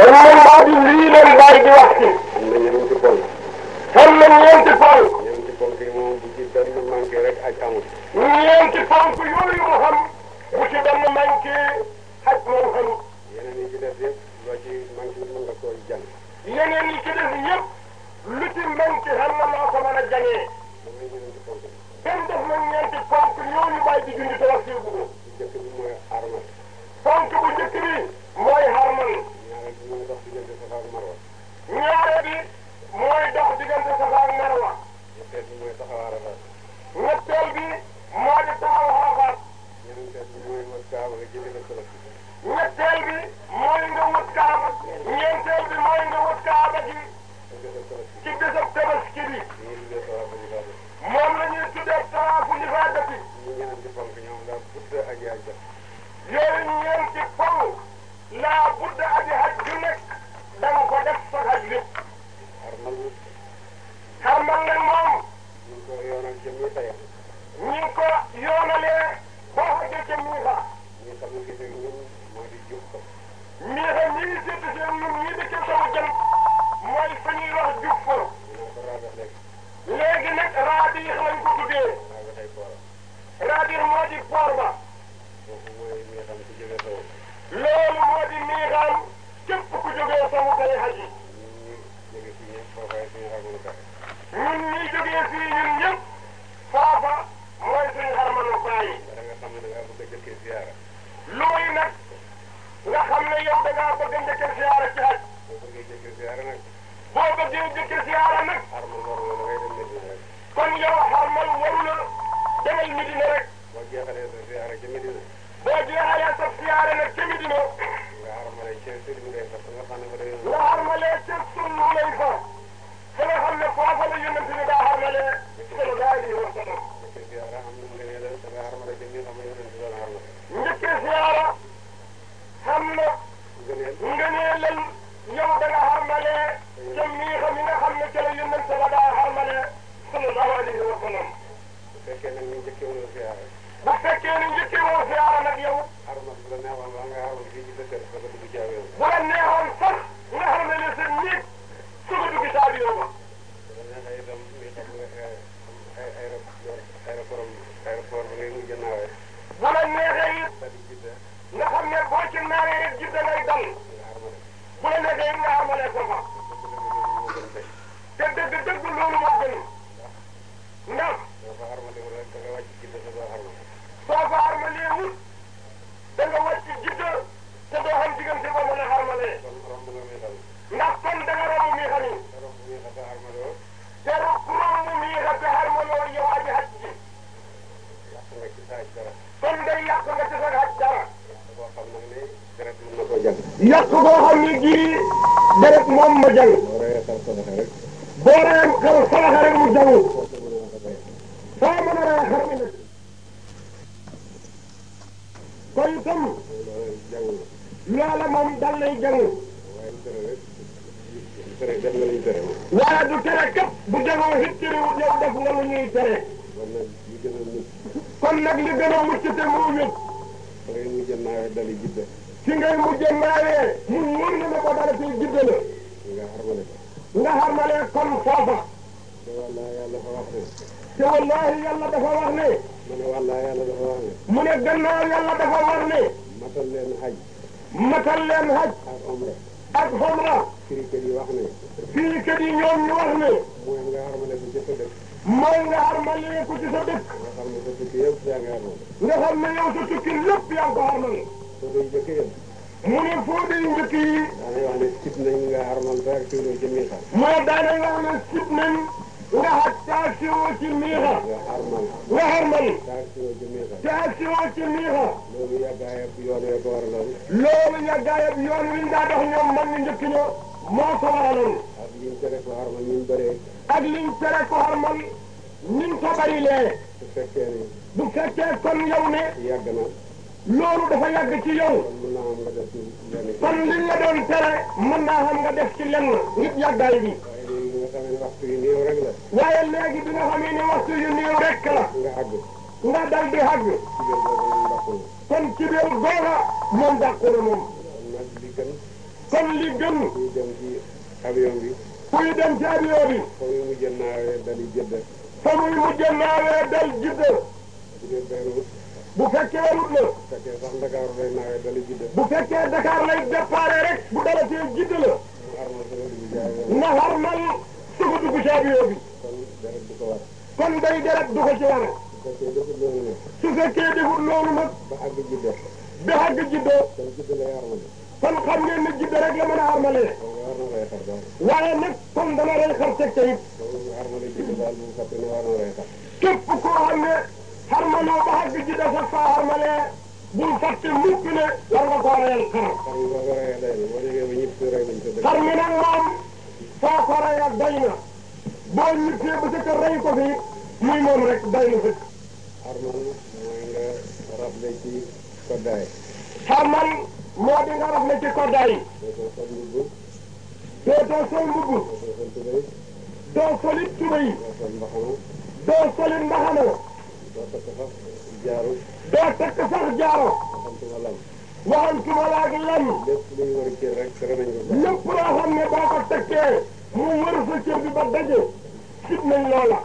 kon moom maa di lii leen bàyyi di wax ci. am na ñeenti poñ. am na ñeenti poñ. ñeenti poñ yi moom bu ci benn manqué rek aj amul. ñeenti poñ yooyu mu xam bu ci benn manqué aj moom xamul. yeneen yi ci des yëpp loo ci manqué mën nga koo jàng. yeneen yi ci des yëpp lu ci manqué xam na loo ko mën a jàngee. benn def na ñeenti poñ yooyu bàyyi di dund te wax ci bu mu ngi dox diggante Safa ak Marwa. ñaareel bi mooy dox diggante Safa ak Marwa. ñetteel bi mooy taxaw Arafat. ñetteel bi moo di taxaw Arafat. ñeenteel bi mooy wër Kaaba nga jëlee ko Tabaski. ñetteel bi mooy nga wër Kaaba. ñeenteel bi mooy nga wër Kaaba gi. day jàng. waaye du tere kat bu demee it terewul yow def nga lu ñuy tere. kon nag li gën a mucc te moo wét. fi ngay mujj naawee dali jidda. fi ngay mujj naawee. mu wóor na ko dara fi jidda la. nga xarmale ko. nga xarmale kon foofa. te wallaahi yàlla dafa wax ne. te wallaahi yàlla dafa wax ne. mu ne wallaahi yàlla yàlla dafa wax ne. matal leen xaj. matal leen haj ak umra firikat yi wax ne firikat yi ñoom ñu wax ne mooy nga armale ko ci sa dëkk mooy nga armale ko ci sa dëkk nga xam ne sa tukki yëpp yaa ngi armale nga xam ne yow sa tukki lépp yaa ngi ko armale fooday njëkk yëpp mu ne fooday njëkk yi daanay nga armal ba ak tuuloo jëmmi xam moo daanay wax ne sib nga xat taasiwoo ci miixa. nga xarmal. taasiwoo ci miixa. taasiwoo ci miixa. loolu yàggaayab yoon wi ko waraloon. loolu yàggaayab wi ñu dox ñoom mag ñu njëkk moo ko waraloon. ak liñ tere ko xarmal ñu bëree. ak bu fekkee kon yow ne. loolu dafa yàgg ci kon li doon tere mën naa xam nga def ci lenn nit yàggaay bi. xamee ne waxtu yu néew rek la. waaye léegi bi nga xamee ne waxtu yu néew rek la. nga àgg. nga dal di àgg. kon ci biir moom dàqu moom. kon li gën. kuy dem ci avion bi. kuy dem ci avion bi. fa muy mujj naawee dal dal jëdd. bu fekkee rut la. bu fekkee sax lay naawee dal bu fekkee Dakar lay déparé rek. bu dalatee jëdd musaabiyoo bi. kon day deret du ko ci war. su fekkee defut loolu nag. ba àgg jiddoo. ba àgg jiddoo. kon xam ngeen ne jiddo rek la mën a armalee. waaye nag comme dama rey xar teg ca it. képp koo xam ne xarmaloo ba àgg jiddo sax faa armalee bul fàtte mukk ne war nga koo reyal xar. xar mi nag moom foo ko rey ak doy na. boo liggéey ba ca kër rey ko fi muy moom rek day na fekk. xarman mooy nga rafle ci koddaay. xarman moo di nga rafle ci koddaay. dootoo sol mbubb. dootoo sol mbubb. doo solit tubay. doo sol mbaxana. doo solit mbaxana. doo takk sax jaaro. doo takk sax jaaro. waxantuma lam. waxantuma la ak lam. lépp luy wër kër rek tere nañ ko. lépp loo xam ne boo ko tekkee mu wër sa cër bi ba daje. gis nañ loola.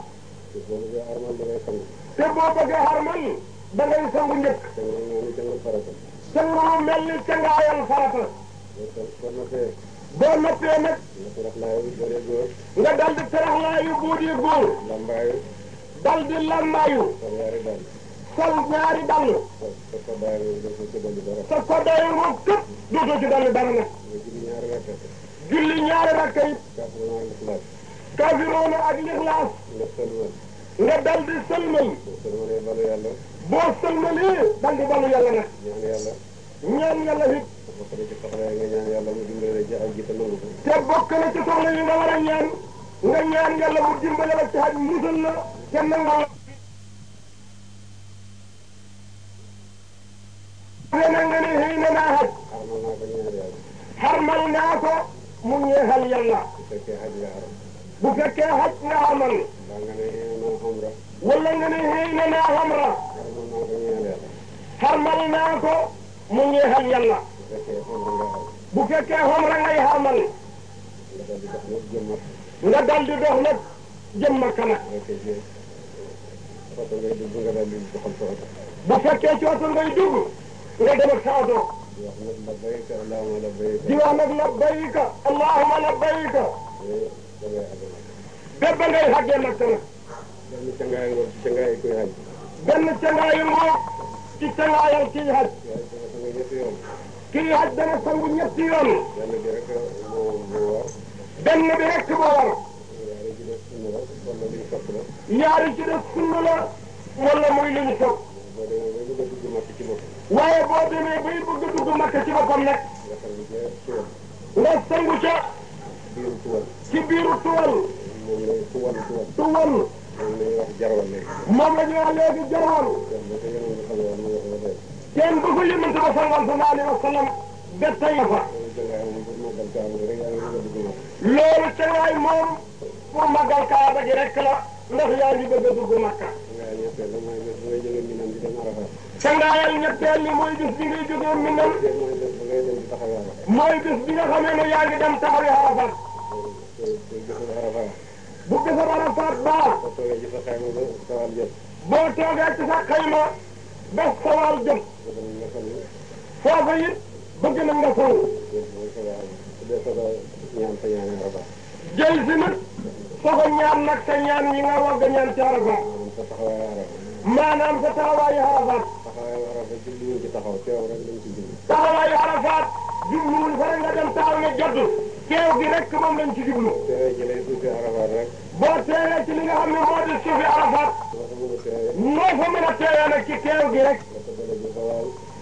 te boo bëggee xarmal da ngay sangu. te boo bëggee xarmal da ngay sangu njëkk. sangu mel ni cangaayal farata. boo noppee nag. nga dal di teraxlaayu boo dee góor. lambaayu. dal lambaayu. sol ñaari dàll. sa koddaay moom képp dootoo ci dolli dara nag. julli ñaari rakka it. kaafiroona ak lixlaas nga dal di sëlmal boo sëlmalee dal di balu yàlla nag ñaan yàlla it te bokk te nangu ko te bokk na ci soxla yi nga war a ñaan nga ñaan yàlla mu nga ne xëy na naa mu ñeexal yàlla bu bu fekkee xaj nga amal. wala nga ne xëy na naa xamra. xarmal naa ko mu ngi xal yàlla. bu fekkee xamra ngay xamal. nga dal di dox nag jëm Makka nag. bu fekkee cooto ngay dugg nga dem ak sa oto. di wax nag labbayka allahumma labbayka. di wax nag labbayka allahumma labbayka. bépp ba ngay xàjjee Makka nag. benn cangaay ngoog ci cangaay kuy xaj. benn cangaay ngoog ci cangaayal kii xaj. kii xaj dana sangu ñetti yoon. benn bi rek moo war. benn bi rek moo war. ñaari ci def sunna la wala muy lu ñu toog. waaye boo demee bay bëgg a dugg Makka ci boppam nag. nga sangu ca. biiru tuwal. ci biiru tuwal. moom lay tuwal tuwal. tuwal. moom la ñuy wax jarwal léegi. moom la ñuy wax léegi jarwal. kenn bu ko yëngatu ba sallallahu alayhi wa sallam ba tey fa. loolu teewaay moom pour magal kaaba gi rek la ndax yaa ngi bëgg a dugg Makka. sangaayal ñetteel li mooy bis bi ngay jógee Minan ngay dem di taxawee Arafat. mooy bés bi nga xamee ne yaa ngi dem taxawee Arafat. bu defar Arafat baax. boo toogee ci sa xayma ba sawal jot. boo toogee ci sa xayma ba sawal jot. foofu it bëgg na nga foofu. jël si nag soxo sa ñaan yi nga wagg ñaan sa taxawaayu Arafat. taxawaayu Arafat ci li ñu ci taxaw taxawaayu Arafat jubluwul fa nga dem taaw ne jot teew gi rek moom lañ ci jublu. boo teewee ci li nga xam ne moo di suufi Arafat. noo fa mën a teewee nag ci teew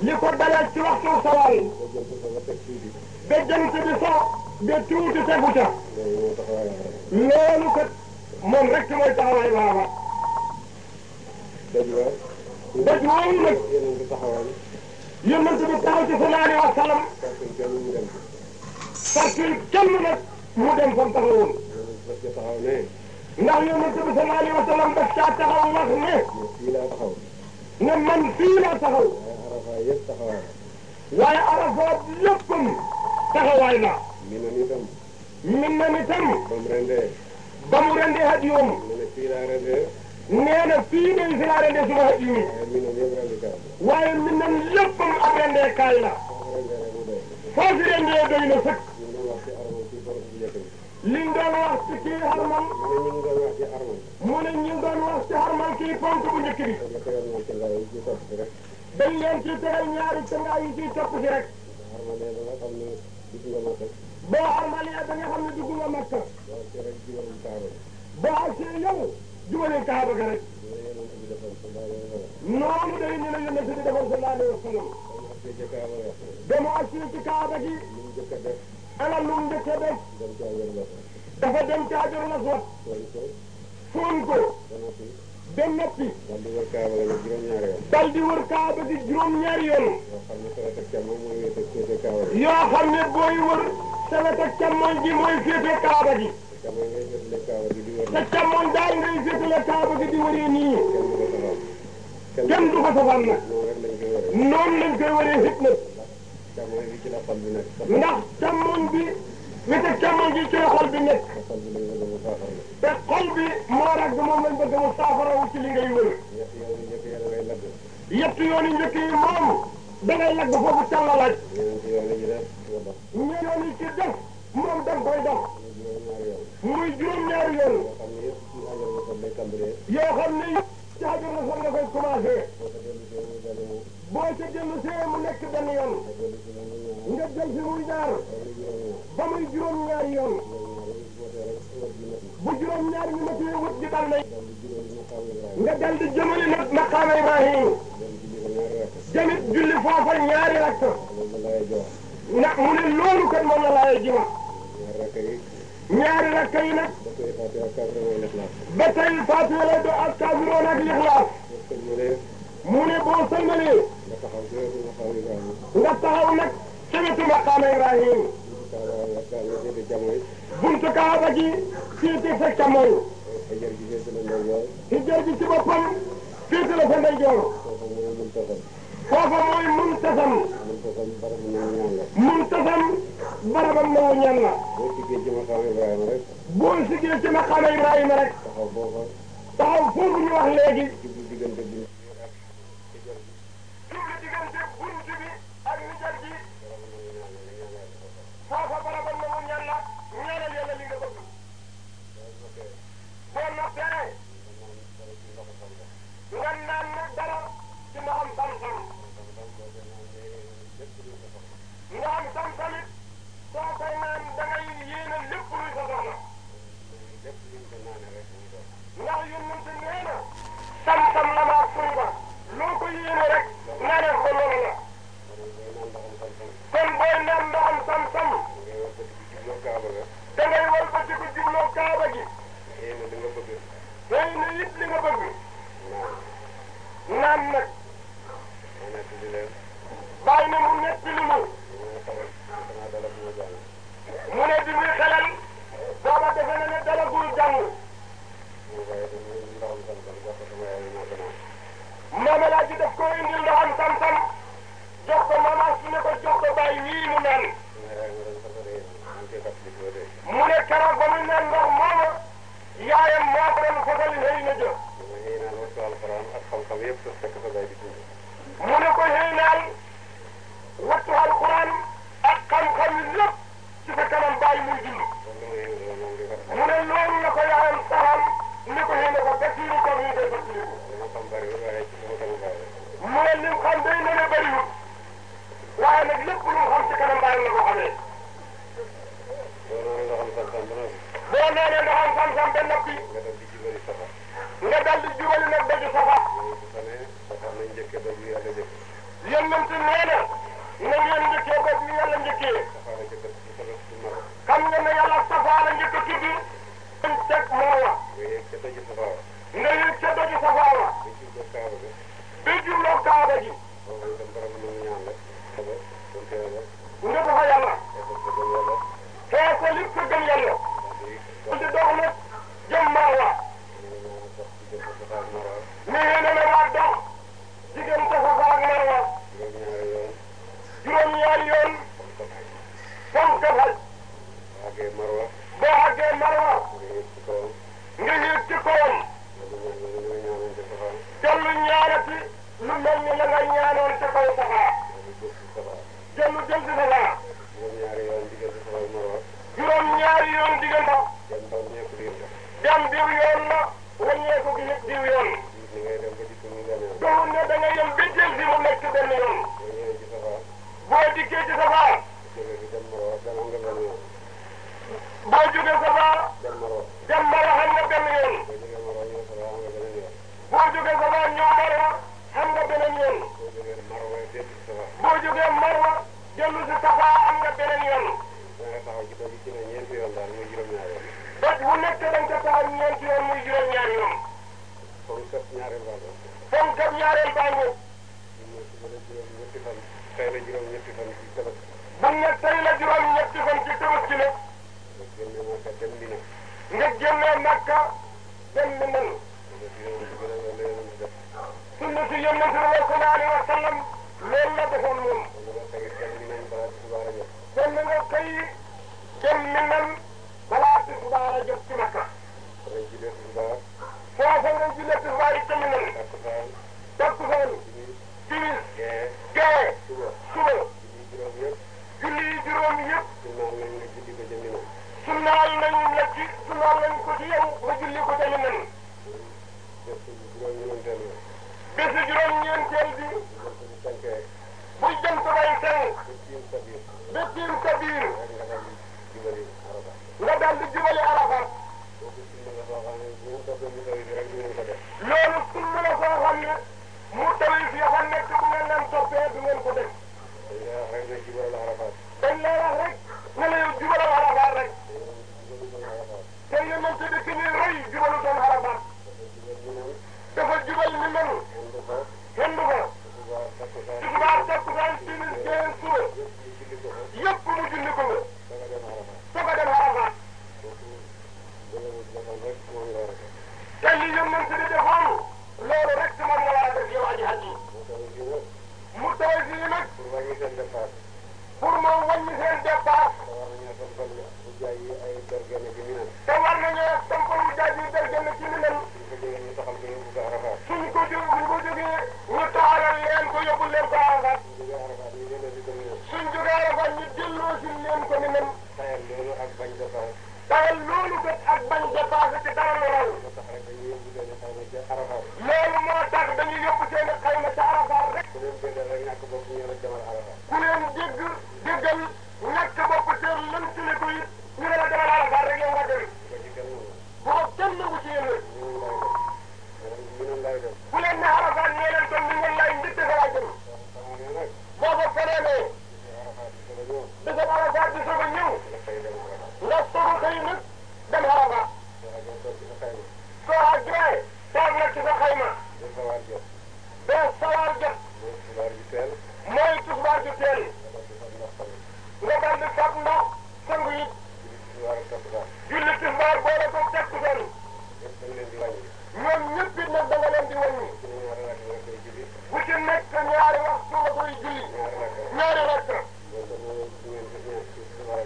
li ko dalee ci waxtu sawaal. ba jant bi so ba tuuti tegu ca. loolu kat moom rek mooy taxawaayu Arafat. daj woowu yonent bi taxaw ci sallallahu alayhi wa sallam parce que kenn nag mu dem fa taxawoon ndax yonent bi sallallahu alayhi wa sallam daf caa taxaw wax ne ne man fii laa taxaw waaye arafaat yëppam taxawaay naa min na ni tam ba mu rendee ba mu rendee at yoom nee na fii day si laa rendee suma xaj yi waaye mi nan lépp lu am rendee kaay la foo si rendee doy na sëkk liñ doon wax ci kii xarmal mu ne ñu ñaari tëngaa yi ciy topp jubale kaaba ga rek noonu day ñu ne yonent bi defoon sallallahu alayhi wa sallam ba mu agsi ci kaaba gi ana lu mu njëkk a def dafa dem ko ba noppi dal di kaaba gi juróom-ñaari yoon yoo xam ne booy wër sa wet ak càmmoñ mooy féete kaaba gi sa càmmoñ daal ngay féetale kaaba gi di wëree nii. kenn du fa safaan nag. noonu lañ koy wëree it nag. ndax càmmoñ bi wete càmmoñ bi ci la xol bi nekk. te xol bi moo rag moom lañ bëgg mu saafarawu ci li ngay wër. yett yoon yi njëkk yi moom dangay lagg foofu tàllalaaj. ñeneen yoon yi ci def moom danga koy def. muy juróom-ñaari yoon. yoo xam ne yëpp ci Hajar Aswad lay tàmbalee. yoo xam ne yëpp ci Hajar Aswad la koy commencé. boo ca dellu see mu nekk. moom tasam barabam nangu ñaan la. boo siggee ci maqaam Ibrahima rek. boo siggee ci maqaam Ibrahima rek. taxaw foofu ñu wax léegi. Muhammad nga dal di jubali safar. nga dal di jubali nag daju safar. yonent ba ne safar nañ njëkkee doj bi yàlla njëkk. yonent nee na. na ngeen njëkkee doj bi yàlla njëkkee. xam nga ne yàlla safar la njëkk a tudd. dañ teg moowa. nga yëg ca doju safar. nga yëg ca doju safar. bi jubloo kaaba gi. bi jubloo kaaba gi. defal ñu la nga ñaanoon ca kaw saxaa jëlu jël ci saxaa juróom ñaari yoon diggante dem diw yoon na wàññeeku gi yëpp diw yoon doon ne da nga yem ba jël si mu nekk benn yoon boo dikkee ci saxaa boo jógee saxaa dem mara xam nga benn yoon boo jógee saxaa ñoo mara boo jógee Marwa dellu si Safa am nga beneen yoon. bët bu nekk da nga ko taxaw ñeenti yoon muy juróom-ñaari yoon. fonkab ñaareel baa ngoo. fonkab ñaareel baa ngoo. tey la juróom-ñetti fan ci tabaski. bu ne tey la juróom-ñetti fan ci tabaski nag. nga génnee Makka dem mi nan. sunna si yonent bi sallallahu alayhi wa sallam loolu la defoon moom. dem na nga koy dem mi nan balaa tisbaar a jot ci Makka. foofa nga jullee tisbaar yi tamit nan. takkusaan timis gee suba julli juróom yëpp. sunnaal nañ la ci sunnaal nañ ko ci yow nga julli ko tamit nan. bésu juróom-ñeenteel bi. buy jëm ku day sënk béppin kabir nga daal di jubali arafat loolu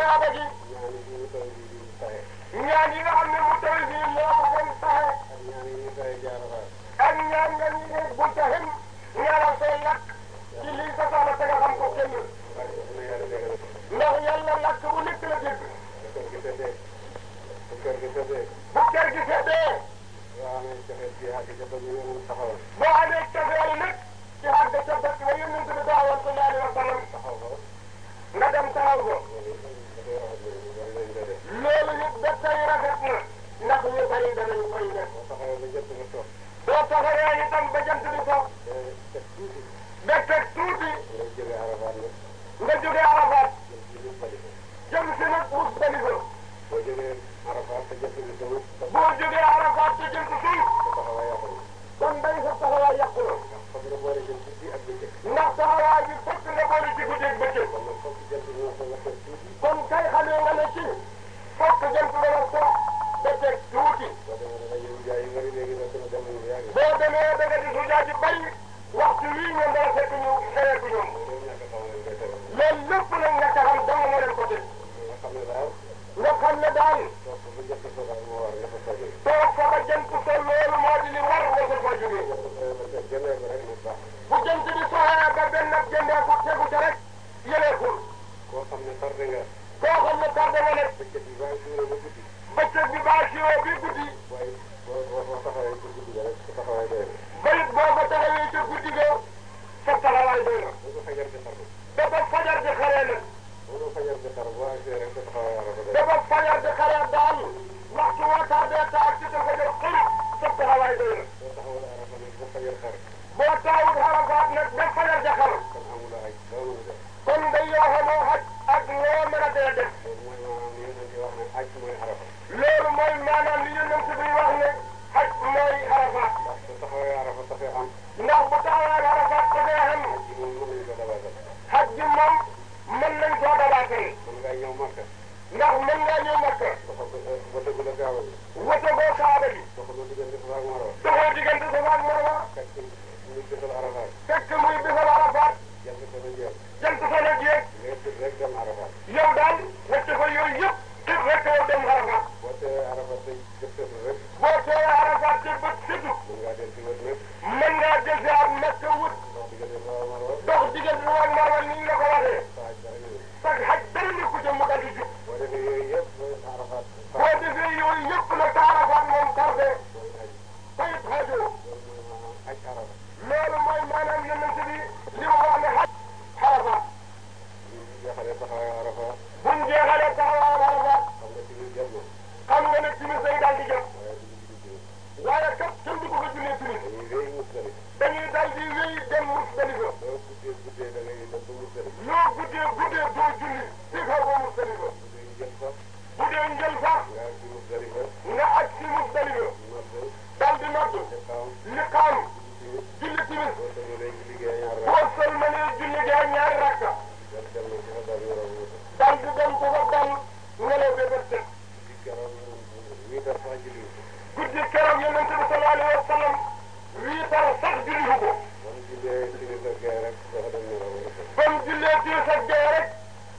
kaaba gi ñaan yi nga xam ne mu tawil bi moo ko gën saxe ak ñaan nga ñu ne bu taxin ñaanal say lakk ci lii sa soxla te nga xam ko kenn ndax yàlla lakk bu nekk la dégg bu kër gi seddee bu kër gi seddee boo amee cafeel ci xàgg ca bëgg yonent taxawal boo amee cafeel nag ci xàgg ca bëgg ba yonent bi taxawal sallallahu alayhi wa sallam nga dem taxaw ko loolu it ba tey rafet na ndax ñu bari danañ koy def boo taxawee itam ba jant bi sox ba teg tuuti nga jógee Arafat jëm si nag Musdalifa boo jógee Arafat te jant bi sox boo jógee Arafat te jant alayhi wa sallam wiitar sax julliwu ko. ba mu jullee timis ak gee rek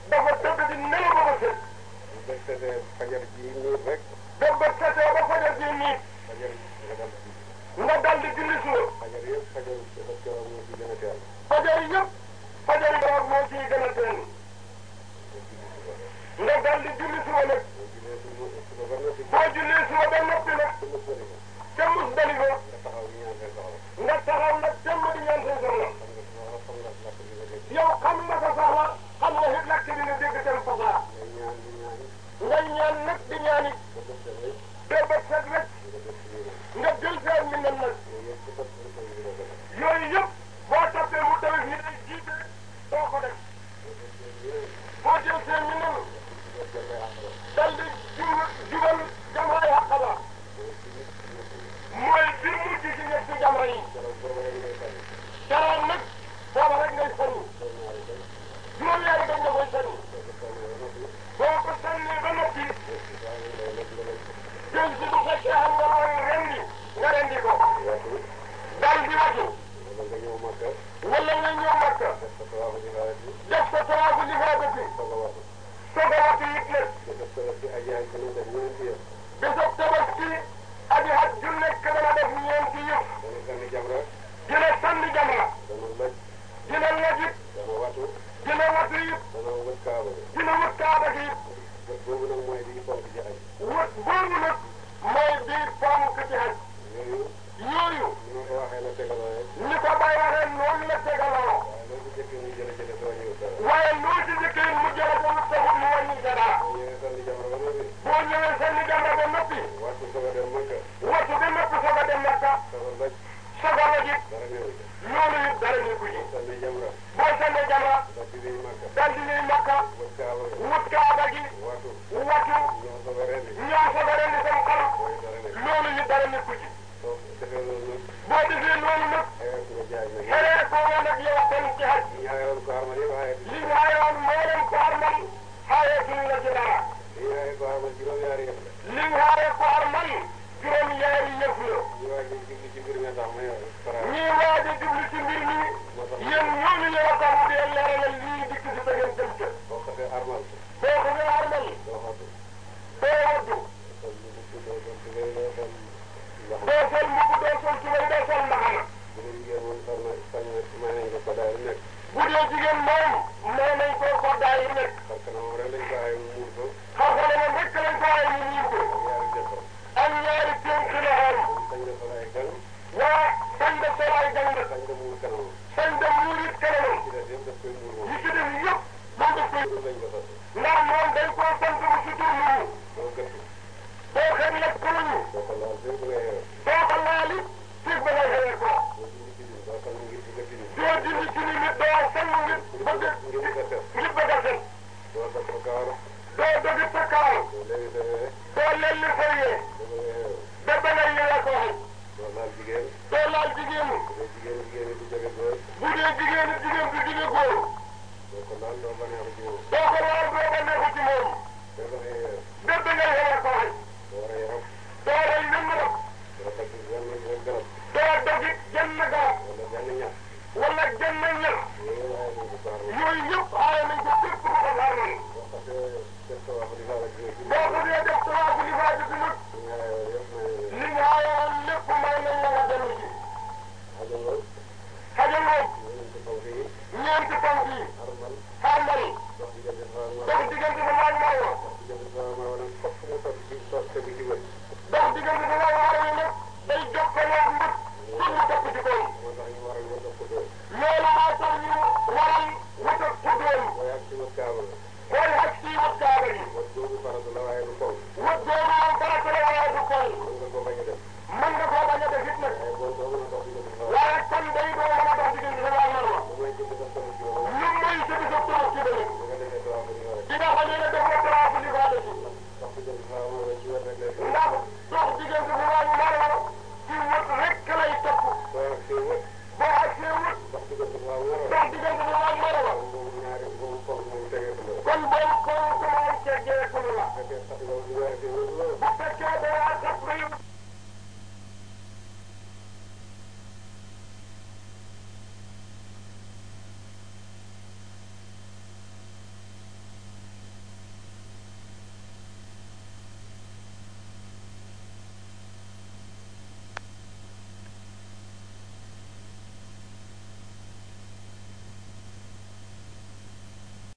dafa dem nelaw ba ko. ba mu jullee timis ak gee rek dafa tëdd di nelaw ba ko sëñ. bu bët setee fajar jii niit rek. ba bët setee ba fajar jii niit. fajar nga dal di julli suur. fajar yëpp fajar keroog moo ciy gën a teel. fajar yëpp fajar keroog moo ciy gën a teel. nga dal di julli suba nag. boo jullee suba ba noppi nag. te mos dali ko nga taxaw nag jëmm di ñaan seen soxla yow xam nga sa soxla xam nga it lakk dina dégg seen soxla ñaan nag di ñaan it ba bët set rek nga jël mi nan nag jigéen góor. doo ko laal doo baneexu ci moom. doo ko laal doo baneexu ci moom. bépp ngay xewal ko rek. doo rey rab. doo rey nan la rab. doo dog it jenn garab. wala jenn ñax. yooyu yëpp xaaral nañ ko képp ku ko xaaral. boo ko dee def tawaafu li faa jënd nag. li nga xaaral lépp may nañ la ñeenti ponk yi xarmal dox diggante bi laaj Maodo dox diggante bi laaj Maodo yi nag day jokkaleeg nit pour ñu topp ci koy loolu moo tax ñu waral wutal ku doon mooy ak si wut kaaba yi wut boobu moom farata la waaye du koy